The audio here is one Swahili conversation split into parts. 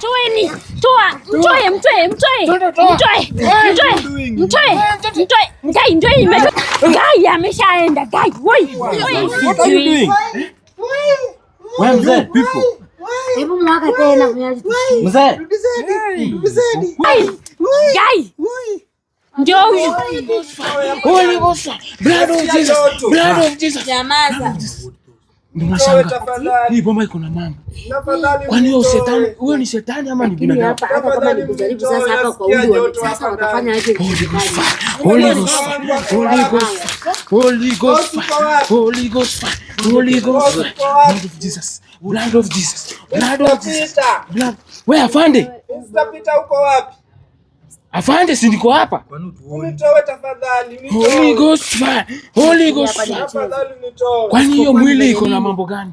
Toeni, toa, mtoe, mtoe, mtoe, mtoe, mtoe, mtoe, mtoe. Ngai, ngai, Ngai ameshaenda. Ngai, woi, woi. Wewe mzee, pipo. Hebu mwaka tena viazi. Mzee. Mzee. Ngai. Ndio Hii bomba iko na mama. Kwani huyo shetani huyo ni shetani ama ni binadamu? Wewe afande, afande, si niko hapa. Kwani hiyo mwili iko na mambo gani?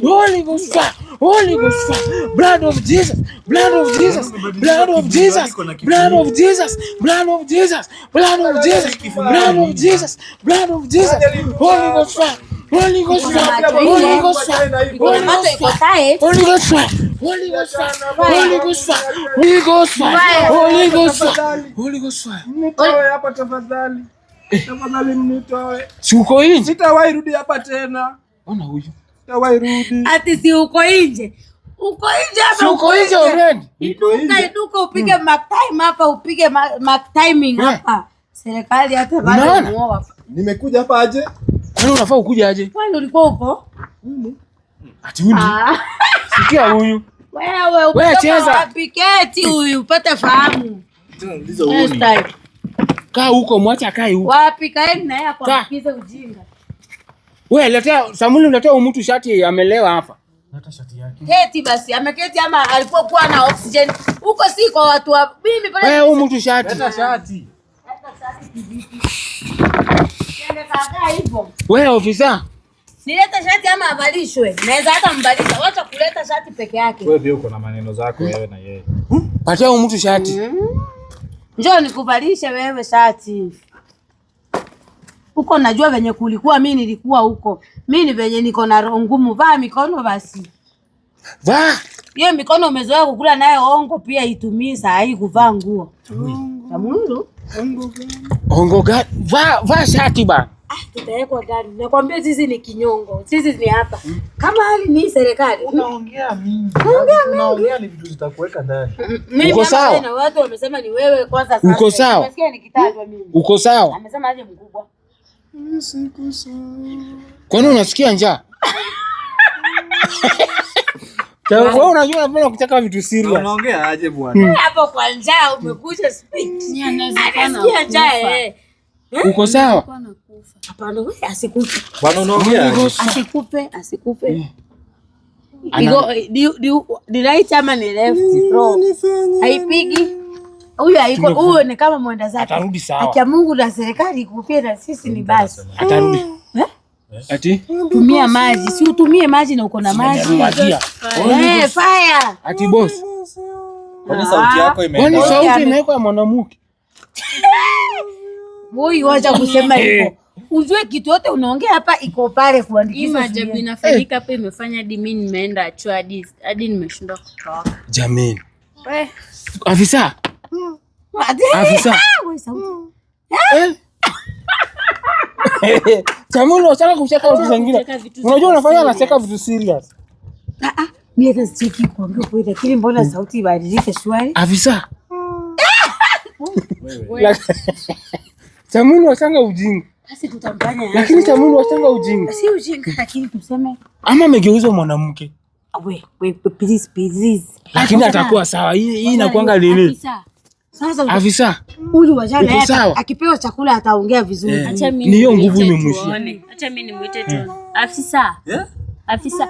Holy Ghost fire, Holy Ghost fire, blood of Jesus, blood of Jesus, blood of Jesus, blood of Jesus, blood of Jesus, blood of Jesus, blood of Jesus, blood of Jesus, Holy Ghost fire, Holy Ghost fire, Holy Ghost fire, Holy Ghost fire, Holy Ghost fire. Holy Ghost Sitawahi rudi hapa tena. Ona huyu. Ati si uko nje, uko nje, duka upige hmm. mark hapa, upige mark eh. hapa. Serikali hata bado muoa. Nimekuja hapa aje? Wewe yaani unafaa ukuja aje? Wewe ulikuwa upo? Ati huyu. Ah. Sikia huyu. Wewe uko wapi keti huyu? Upate fahamu. Ndizo huyu. Kaa huko mwacha akae huko. Wapi kaeni na yeye akapikize ujinga. Wewe letea Samuli, unatoa mtu shati amelewa hapa. Hata shati yake. Keti basi, ameketi ama alipokuwa na oxygen. Huko si kwa watu wa mimi pale. Wewe huyu mtu shati. Hata shati. Hata shati Wewe ofisa. Nileta shati ama avalishwe. Naweza hata mbadilisha. Wacha kuleta shati peke yake. Wewe pia uko na maneno zako hmm? wewe na yeye. Patia huyu mtu shati. Hmm? Njoo nikuvalishe wewe shati huko najua venye kulikuwa, mi nilikuwa huko, mi ni venye niko na roho ngumu. Vaa mikono basi, vaa hiyo mikono umezoea kukula nayo ongo, pia itumii saa hii kuvaa nguo Tamuru. Ongo gani? Vaa vaa shati ba. Ah, tutawekwa gari. Nakwambia sisi ni kinyongo. Sisi ni hapa. Hmm. Kama hali ni serikali. Unaongea mingi. Unaongea ni yaani vitu zitakuweka ndani. Uko sawa? Na watu wamesema ni wewe kwanza sasa. Uko sawa? Nasikia nikitajwa mimi. Uko sawa? Amesema aje mkubwa. Kwani unasikia njaa? Wewe unajua unapenda kutaka vitu serious. Unaongea aje bwana? Hmm. Hapo kwa njaa umekuja speak. Ni anawezekana. Njaa eh. Hmm? Uko sawa? Hapana wewe asikupe. Bwana unaongea. Asikupe, asikupe. Di di di right ama ni left? Bro. Haipigi huyu haiko huyo, ni kama mwenda zake, atarudi sawa. Akia Mungu na serikali kupia na sisi ni basi, atarudi eh? Eh? Ati tumia maji, si utumie maji na uko na maji. Eh, fire. Ati boss. Kwani sauti yako ah. imeenda? Kwani sauti imewekwa mwanamke? Wewe wacha kusema eh. hivyo. Ujue kitu yote unaongea hapa iko pale kuandikisha. Maajabu inafanyika hapa imefanya hadi mimi nimeenda achwa hadi hadi nimeshindwa kutoka. Jamani. Eh. Afisa. Afisa Chamuli, wachana kumcheka watu zingine. Unajua unafanya anacheka vitu serious. Lakini mbona sauti ibadilike shwari? Afisa Chamuli, wachanga ujinga. Lakini Chamuli, wachanga ujinga. Si ujinga, lakini tuseme ama amegeuzwa mwanamke. Lakini atakuwa sawa. Hii inakuanga lini? Afisa sasa Afisa huyu wa jana akipewa chakula ataongea vizuri. Eh. Acha mimi ni hiyo nguvu imemwishia. Acha mimi nimuite eh. tu. Afisa. Eh? Afisa.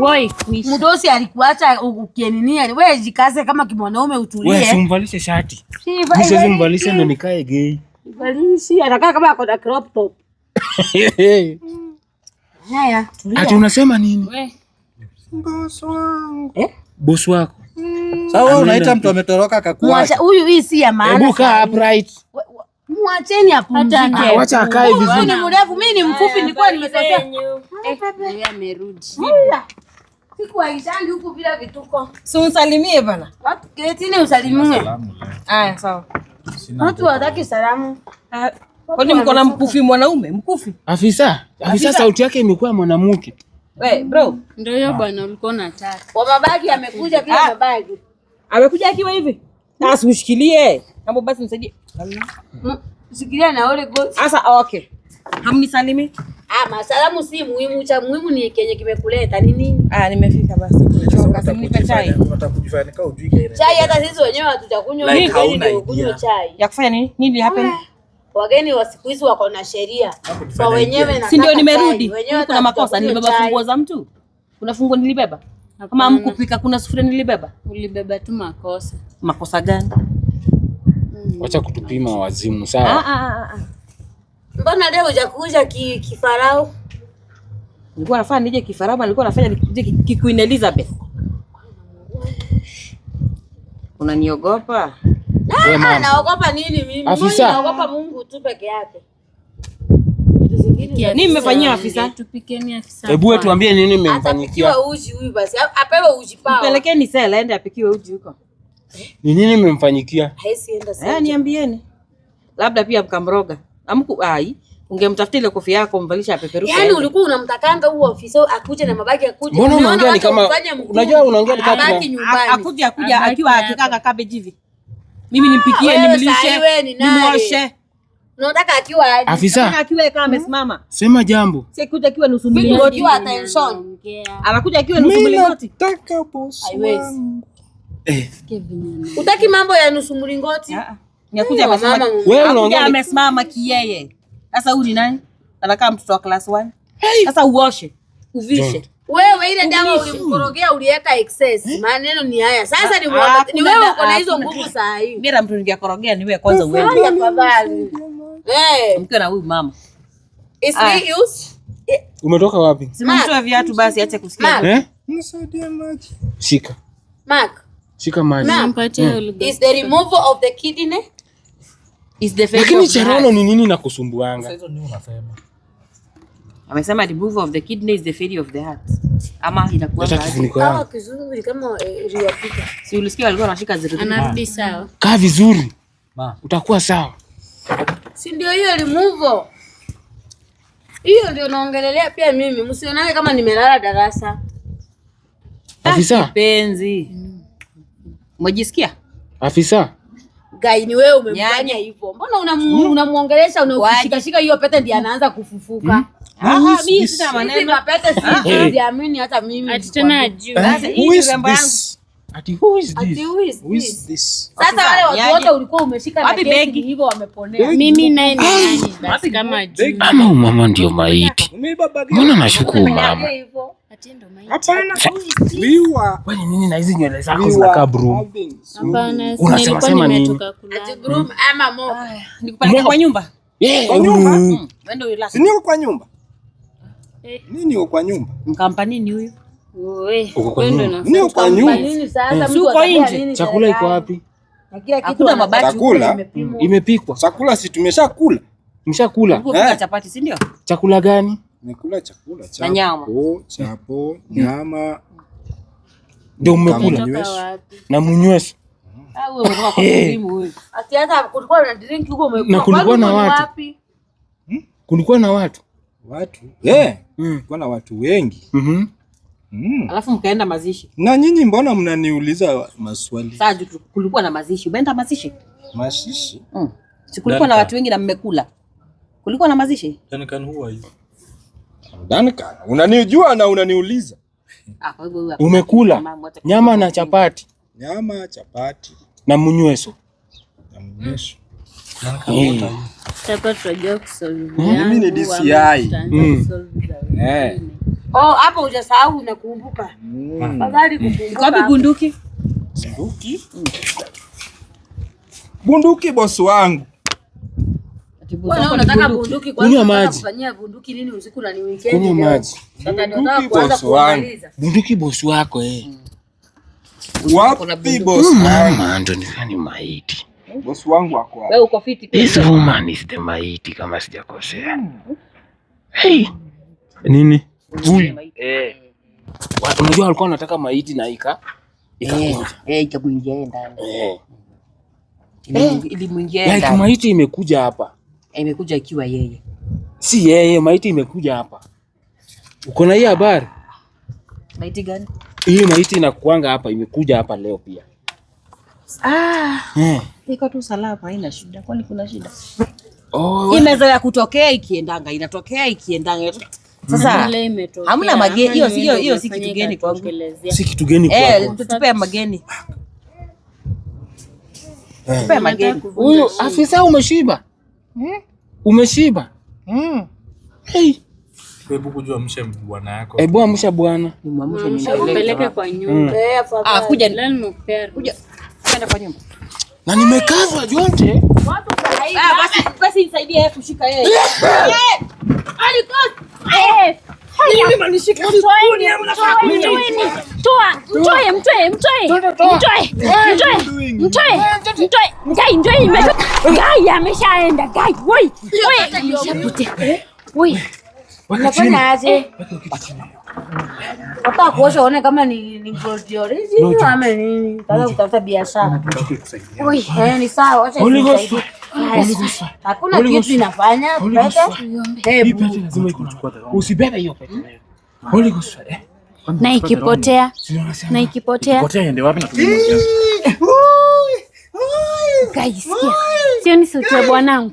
Woi, mdosi alikuacha ukieninia. Wewe jikaze kama kimwanaume utulie. Wewe simvalishe shati. Simvalishe ndo nikae gay. Valishi anakaa kama ako na crop top. Haya, tulia. Ati unasema nini? Wewe. Bosi wangu. Eh? Bosi wako. Mm. Sawa, unaita mtu ametoroka akakuwa. Huyu hii si ya maana. Ebuka upright. Mwacheni apumzike. Ah, wacha akae vizuri. Wewe ni mrefu, mimi ni mfupi, nilikuwa nimekosea. Eh, yeye amerudi. Siku haishandi huku bila vituko. Si unisalimie bana. Ketini usalimie. Haya, sawa. Watu wataki salamu. Ah, kwani mko na mkufi mwanaume? Mkufi? Afisa, afisa sauti yake imekuwa mwanamke. We, bro. Ndio hiyo ah. bwana ulikuwa unataka. Wa mabagi amekuja bila ah. mabagi. Amekuja akiwa hivi. Hmm. Sasa ushikilie. Hapo basi msaidie. Hmm. Shikilia na ole go. Sasa ah, okay. Hamnisalimi? Ah, masalamu si muhimu, cha muhimu ni kenye kimekuleta ni nini? Ah, nimefika basi. Choka, simnipe chai. Unataka kujifanya kama ujui. Chai hata sisi wenyewe hatutakunywa. Ni kunywa chai. Ya kufanya nini? Nini hapa? wageni wa siku hizi wako na sheria kwa wenyewe, si ndio? Nimerudi kuna makosa, nilibeba funguo za mtu, kuna funguo nilibeba kama mkupika, kuna sufuria nilibeba. Ulibeba tu makosa. Makosa gani? Mm. Wacha kutupima wazimu, sawa? Ah, ah, ah, Mbona leo hujakuja kifarao? Nilikuwa nafanya nije kifarao, nilikuwa nafanya nije ki Queen Elizabeth. Unaniogopa? Naogopa nini mimi? Afisa. Naogopa Mungu tu peke yake. Nini mmefanyia afisa? Tupikeni afisa. Hebu tuambie nini mmemfanyikia? Atapikiwa uji huyu basi. Apewe uji pao. Pelekeni sela aende apikiwe uji huko. Ni nini mmemfanyikia? Haisi enda eh, sasa. niambieni. Labda pia mkamroga. Amku ai. Ungemtafuta ile kofia yako mvalisha apeperuka. Yaani ulikuwa unamtakanga huo ofisa akuje na mabaki akuje. Mbona unaongea ni kama unajua unaongea ni kama akuje akuja akiwa akikanga cabbage hivi mimi nimpikie, nimlishe, nimwoshe. Unataka akiwa aje? Afisa akiwa kama amesimama. Sema jambo. Si kuja akiwa nusu milioni. Anakuja akiwa nusu milioni. Nataka boss. Haiwezi. Eh. Utaki mambo ya nusu mlingoti? Ah, ah. Nyakuja mama. Wewe unaongea amesimama kiyeye. Sasa huyu ni nani? Anakaa mtoto wa class 1. Sasa uoshe, uvishe kama ile dawa ulimkorogea uliweka excess. Eh? Maneno ni haya sasa, ni ah, ni wewe uko na hizo nguvu saa hii. Mimi Bila mtu ningekorogea ni wewe kwanza uende. Afadhali. Eh. Mke na huyu mama. Is ah. me use. Eh. Umetoka wapi? Simtoa viatu basi acha kusikia. Eh? Nisaidie maji. Shika. Mark. Shika maji. Eh. Is the removal of the kidney? Lakini cherono ni nini na kusumbuanga? Amesema the ni removal of the kidney is the failure of the heart maji ama eh, si ulisikia sawa. Kaa vizuri utakuwa sawa, si ndio? Hiyo limuvo hiyo ndio naongelelea pia mimi, msionane kama nimelala darasa. Afisa penzi, mm. afisa? guy ni wewe umemfanya yaani, hivyo. Mbona hmm? unamuongelesha unashikashika hiyo pete ndiye anaanza kufufuka. Ah, mimi sina maneno pete ah, eh. hata mimi. Ati tena eh, Sasa yangu. Ati who is this? who is this? Sasa wale watu wote yaani, ulikuwa umeshika na kesi hivyo wameponea. Mimi naye ni ah, nani basi kama Mama ndio maiti. Mbona nashuku mama. Kwani nini na hizi nywele zako zinakaa broom? unasema nini? Hmm. kwa mm. hmm. niko kwa nyumba. Eh. Nini uko kwa nyumba? Mkampani ni Niko kwa nyumba. Eh. Chakula iko wapi? Chakula imepikwa. Chakula si tumeshakula. Mshakula. Eh? Chakula gani? Nikula chakula chapo chapo mm. nyama ndio umekula na munywesa ah, eh. na kulikuwa na watu hmm? kulikuwa na watu watu yeah. mm. kulikuwa na watu wengi mm -hmm. Mm. Alafu mkaenda mazishi. Na nyinyi mbona mnaniuliza maswali? Sasa kulikuwa na mazishi. Umeenda mazishi? Mazishi? Mm. Si kulikuwa na watu wengi na mmekula. Kulikuwa na mazishi? Tena huwa hivi. Duncan, unanijua na unaniuliza ah, umekula nyama na chapati, nyama chapati na munyweso eh. hmm. mimi ni DCI. Hmm. Eh. Oh, hapo hujasahau unakumbuka. Hmm. Afadhali kukumbuka. Wapi bunduki? Bunduki? Bunduki bosi wangu. Kunywa maji. Kunywa maji. Bunduki bosi wako eh. Mm. Wapi bosi? Mm, mama ndo maiti. Bosi wangu wako wapi? Wewe uko This woman is the maiti kama sijakosea. Mm. Hey. Nini? Huyu. Eh. eh. Unajua walikuwa wanataka maiti na ika. Eh, eh ikakuingia ndani. Eh. ndani. maiti imekuja hapa imekuja ikiwa yeye, si yeye. Maiti imekuja hapa, uko na hii habari? Maiti gani? Hii maiti inakuanga hapa, imekuja hapa leo pia. Ah, Eh. Iko tu salama, haina shida. Kwani kuna shida? Oh, Imeza ya kutokea ikiendanga, inatokea ikiendanga. Sasa mm-hmm. ile imetokea. hamna mageni, hiyo si hiyo hiyo si kitu geni kwangu, si kitu geni eh, kwangu. Eh, tutupe mageni, ah. Tupe mageni. Huyu afisa umeshiba? mm. Umeshiba mm. Hey. Hebu kujua bwana yako. Hebu amsha bwana. Mpeleke kwa nyumba. Hmm. Eh, ah, kuja ndani Kuja. Kwenda kwa nyumba. Na nimekazwa yote. Watu ah, basi basi nisaidie yeye kushika yeye. Gai ameshaenda. Gai woi, woi, unafanya aje? Hata kuosha uone kama ni ni ama nini, kutafuta biashara. Woi, eh, ni sawa, acha Hakuna kitu inafanya. Usibebe hiyo pete. Hmm? Eh? Na ikipotea, na ikipotea. Sio ni sauti ya bwanangu.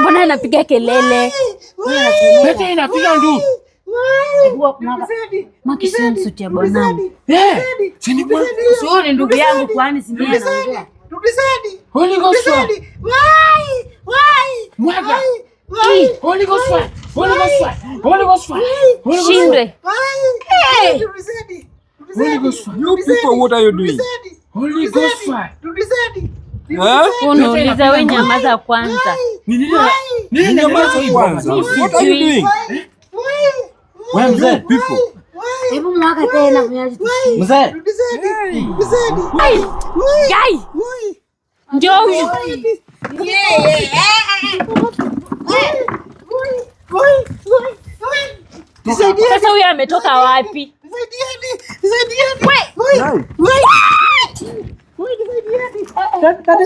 Mbona anapiga kelele? Pete inapiga nduru. Makishamsutia bwanangu. Sioni ndugu yangu kwani simia Unauliza we nyamaza kwanza. Nini nyamaza kwanza? What are you doing? Wewe mzee, pipo. Hebu mwaka tena mnyaji. Mzee. Mzee. Yai. Njoo huyu. Sasa huyu ametoka wapi? Dada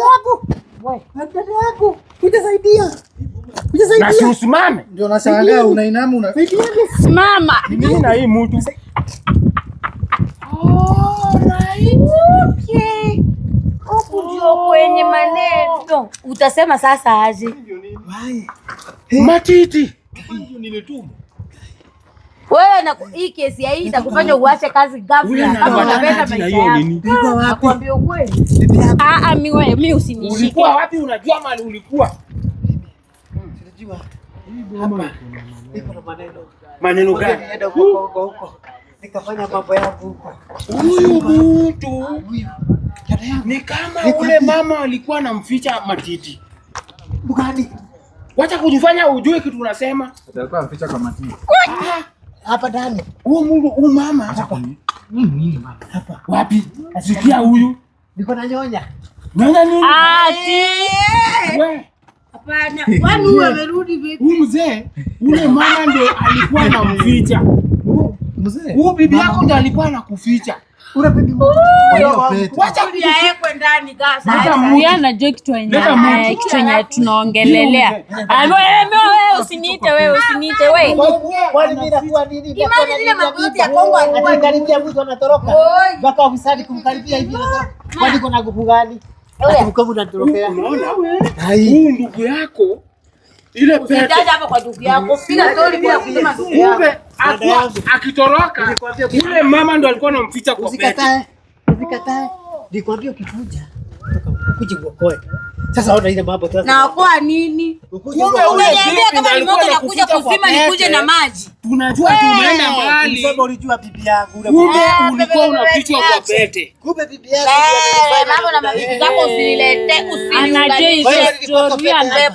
yako. Utasaidia na si usimame. Ndio nashangaa unainama una simama. Mimi na hii mtu. Oh ndio kwenye maneno. Utasema sasa aje? Matiti. Wewe na hii kesi hii itakufanya uache kazi ghafla kama unapenda maisha yako. Nilikuwa wapi? Nakwambia ukweli. Ah, mimi ah, wewe, mimi usinishike. Ulikuwa wapi? Unajua mali ulikuwa unajua hapa niko na maneno maneno gani? Nenda huko huko huko nikafanya mambo yangu huko. Huyu mtu ni kama ule mama alikuwa anamficha matiti bugani. Wacha kujifanya ujue kitu unasema. Alikuwa anamficha kwa matiti ah, hapa ndani. Huyu mama hapa Mama hapa wapi? Sikia huyu niko na nyonya nyonya nini? Ati ah, wewe Huyu mzee ule mama ndio alikuwa anamficha huyu bibi yako, ndio alikuwa anakuficha. Anajua kitu yenye tunaongelelea, usiniite wewe, usiniite wewe. Anakaribia mtu anatoroka, mpaka ufisadi kumkaribia hivi, kwani kuna nguvu gani? Huyu ndugu yako ile pete hapo kwa ndugu yako, piga stori bila kusema ndugu yako. Akitoroka yule mama ndo alikuwa anamficha kwa pete. Usikatae, usikatae. Nikwambia ukikuja, ukuje uokoe. Sasa ona ile mambo sasa. Na kwa nini? Umeniambia kama limoka nakuja kuzima nikuje na maji. Tunajua tu umeenda mbali. Sasa ulijua bibi yangu ule. Kumbe ulikuwa unafichwa kwa pete. Kumbe bibi yangu ule. Mambo na mabibi zako usilete usiniulize.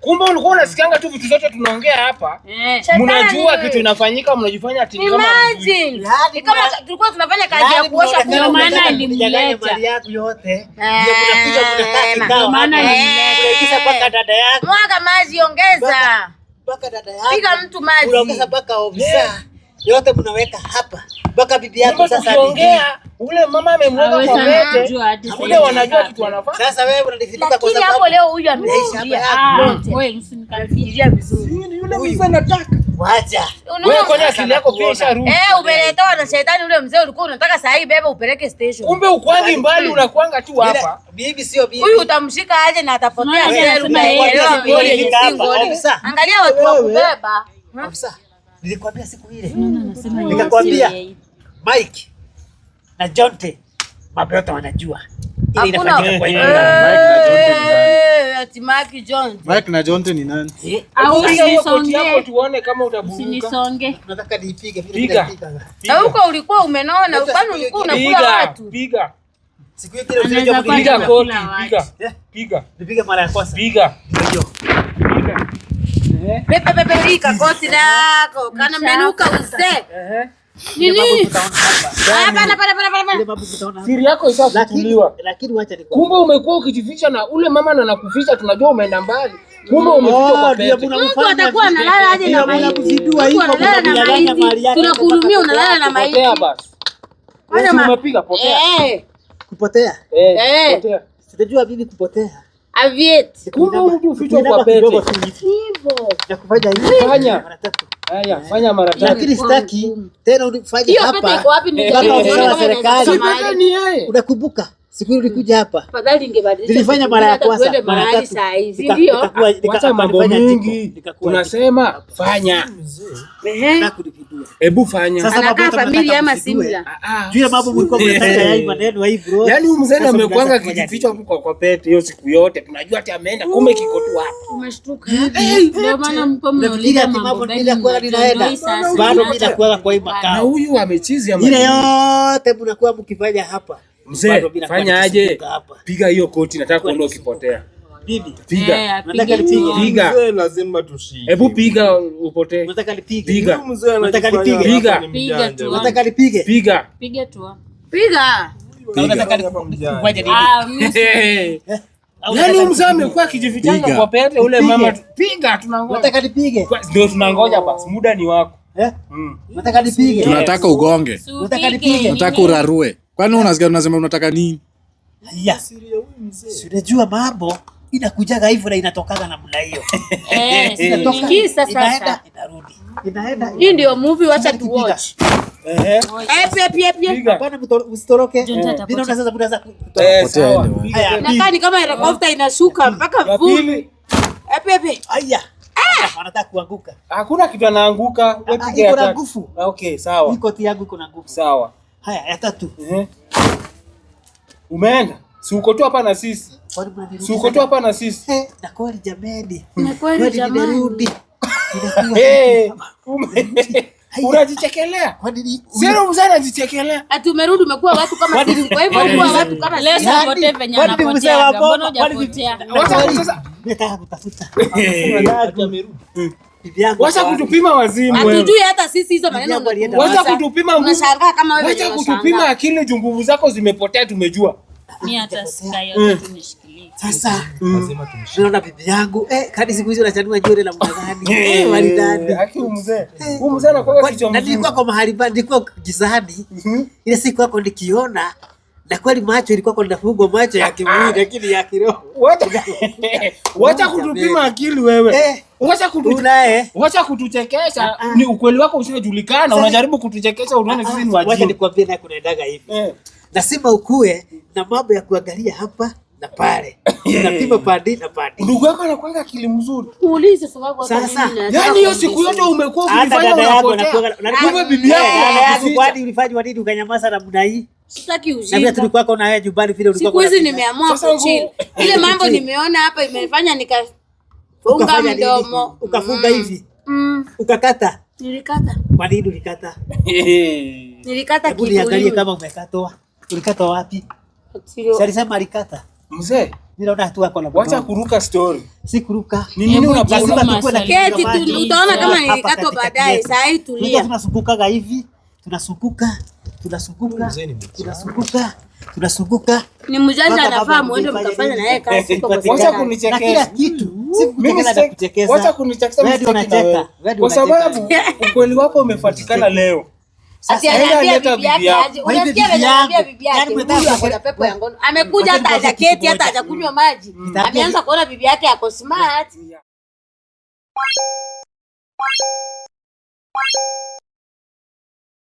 Kumbe ulikuwa unasikanga tu vitu zote tunaongea hapa. Mnajua kitu inafanyika mnajifanya ati kama Imagine. Kama tulikuwa tunafanya kazi ya kuosha kwa maana ilimleta. Ndio maana yote. Ndio kunakuja kuna Eh. Mwaga maji, ongeza, piga mtu maji eh. yote mnaweka hapa mpaka bibi yako sasa ongea. Ule mama amemweka kwa wete, ule wanajua kitu wanafanya. Sasa wewe unadifika kwa sababu hapo leo huyu amekuja. Ah, wewe msinikaribia vizuri. Yule mzee anataka Wacha. Wewe kwani akili yako pia isharudi. Eh, umeletoa na shetani ule mzee ulikuwa unataka saa hii beba upeleke station. Kumbe ukwani mbali unakuanga tu hapa. Bibi sio bibi. Huyu utamshika aje na atapotea. Angalia watu wa kubeba. Afisa. Nilikwambia siku ile. Nikakwambia Mike na Jonte. Mabota wanajua. Eh, mike na Jonte ni nani? Tuone kama huko ulikuwa umenona, kwani ulikuwa unakula watu? Piga. piga koti, piga. Piga. Nipige mara ya kwanza. Piga. Piga. Pepe pepe, lika koti lako. Kana mmenuka uzee. Yaani Siri yako ishafutuliwa. Kumbe umekuwa ukijificha na ule mama na nakuficha, tunajua umeenda mbali. Kumbe oh, umeficha kupotea. kupotea. Eh, eh. Eh, Kumbe ufichwa kwa pete. Fanya. Haya, fanya mara tatu. Lakini sitaki tena unifanye hapa. Serikali. Unakumbuka? Siku hiyo nilikuja hmm. hapa. Fadhali ningebadilisha. Nilifanya mara ya kwanza. Ndio. Mambo mengi tunasema fanya. Ehe. Hebu fanya. Sasa anakaa familia ama simla. Ah, ah. Juu ya mambo mlikuwa mnataka yai maneno hii bro. yani huyu mzee amekuanga kijificha huko kwa pete hiyo siku yote. Tunajua hata ameenda kumbe kiko tu hapa. Umeshtuka. Ndio maana mko mnauliza mambo bila kwa linaenda Bado bila kwa kwa hii makao. Na huyu amechizi ama. Ile yote mnakuwa mkifanya hapa. Mzee, fanya aje? Piga hiyo koti, nataka kuona ukipotea. Piga. Piga. Eh, lazima tushike. Hebu piga upotee. Nataka nipige. Piga. Nataka nipige. Piga. Nataka nipige. Piga. Piga tu. Piga. Ah, eh? Yaani mzee amekuwa akijivitanga kwa pete ule mama. Piga tunangoja. Nataka nipige. Ndio tunangoja basi, muda ni wako. Eh? Mm. Nataka nipige. Tunataka ugonge. Nataka nipige. Nataka urarue. Kwani unasikia unasema unataka nini? Ya. Si unajua mambo inakujaga hivyo na inatokaga namna hiyo. Eh, inatoka. Inaenda inarudi. Inaenda. Hii ndio movie wacha tu watch. Eh. Hakuna kitu anaanguka. Ah, iko na nguvu. Ah, okay, sawa. Iko tiago iko na nguvu. Sawa. Haya ya tatu. Eh. Umeenda? Si uko tu hapa na sisi. Si uko tu hapa na sisi. Eh, na kweli jamani. Na kweli jamani. Eh, unajichekelea. mzee anajichekelea. Ati umerudi umekuwa watu kama sisi. Kwa hivyo umekuwa watu kama leo yaani, wote venye Mbona hujapotea? Sasa nataka kutafuta. Eh. Amerudi. Wacha kutupima wazimu. Hatujui hata sisi hizo maneno. Wacha kutupima Unashangaa kama wewe. Wacha kutupima akili juu zako zimepotea tumejua. Mimi hata sikai yote nimeshikilia. Eh. Sasa mm. lazima tumshike. Naona bibi yangu eh, kadi siku hizo anachanua jore la mgazani. Eh, maridadi. Eh, Haki eh, mzee. Huyu mzee anakuwa kichwa mzee. Nilikuwa kwa mahali pa nilikuwa gizani. Mhm. Ile siku yako nikiona na kweli macho ilikuwa linafungwa macho ya kimwili ah, ah. lakini ya kiroho. Wacha kutupima akili wewe, eh, wacha kutuchekesha. Ah, ni ukweli wako usiojulikana, unajaribu kutuchekesha, unaona sisi ni wajinga. Wacha nikwambie, kuna daga hivi, lazima eh. ukue na mambo ya kuangalia hapa na pale unapima pande na pande. Ndugu yako anakuanga akili mzuri, muulize sababu. nini? Sasa yani hiyo siku yote umekuwa ukifanya na na kuanga unapotea, bibi yako eh, kwani ulifanya nini ukanyamaza namna hii? Sitaki ujinga. Na tulikuwa kwa na wewe nyumbani vile ulikuwa. Siku hizi nimeamua kuchill. Ile mambo nimeona hapa imefanya nika funga mdomo. Ukafunga mm. hivi. Mm. Ukakata. Nilikata. Kwa nini ulikata? Nilikata kidogo. Niangalie kama umekatoa. Ulikata wapi? Sasa alisema alikata. Mzee, bila una hatua yako unapotoka. Wacha kuruka story. Si kuruka. Ni nini yaani unapaswa tukue na keti tu utaona kama ni hapo baadaye. Sasa hii tulia. Tunasukuka ga hivi. Tunasukuka. Tunasukuka. Tunasukuka. Tunasukuka. Ni mjanja anafaa muende mkafanya na yeye kazi. kwa sababu. Wacha kunichekesha. Kila kitu. Mm. Mimi na kuchekesha. Wacha kunichekesha. Kwa sababu ukweli wako umefatikana leo. Yaani yaani Amekuja hata hajaketi hata hajakunywa maji, mm. ameanza kuona bibi yake ako smart.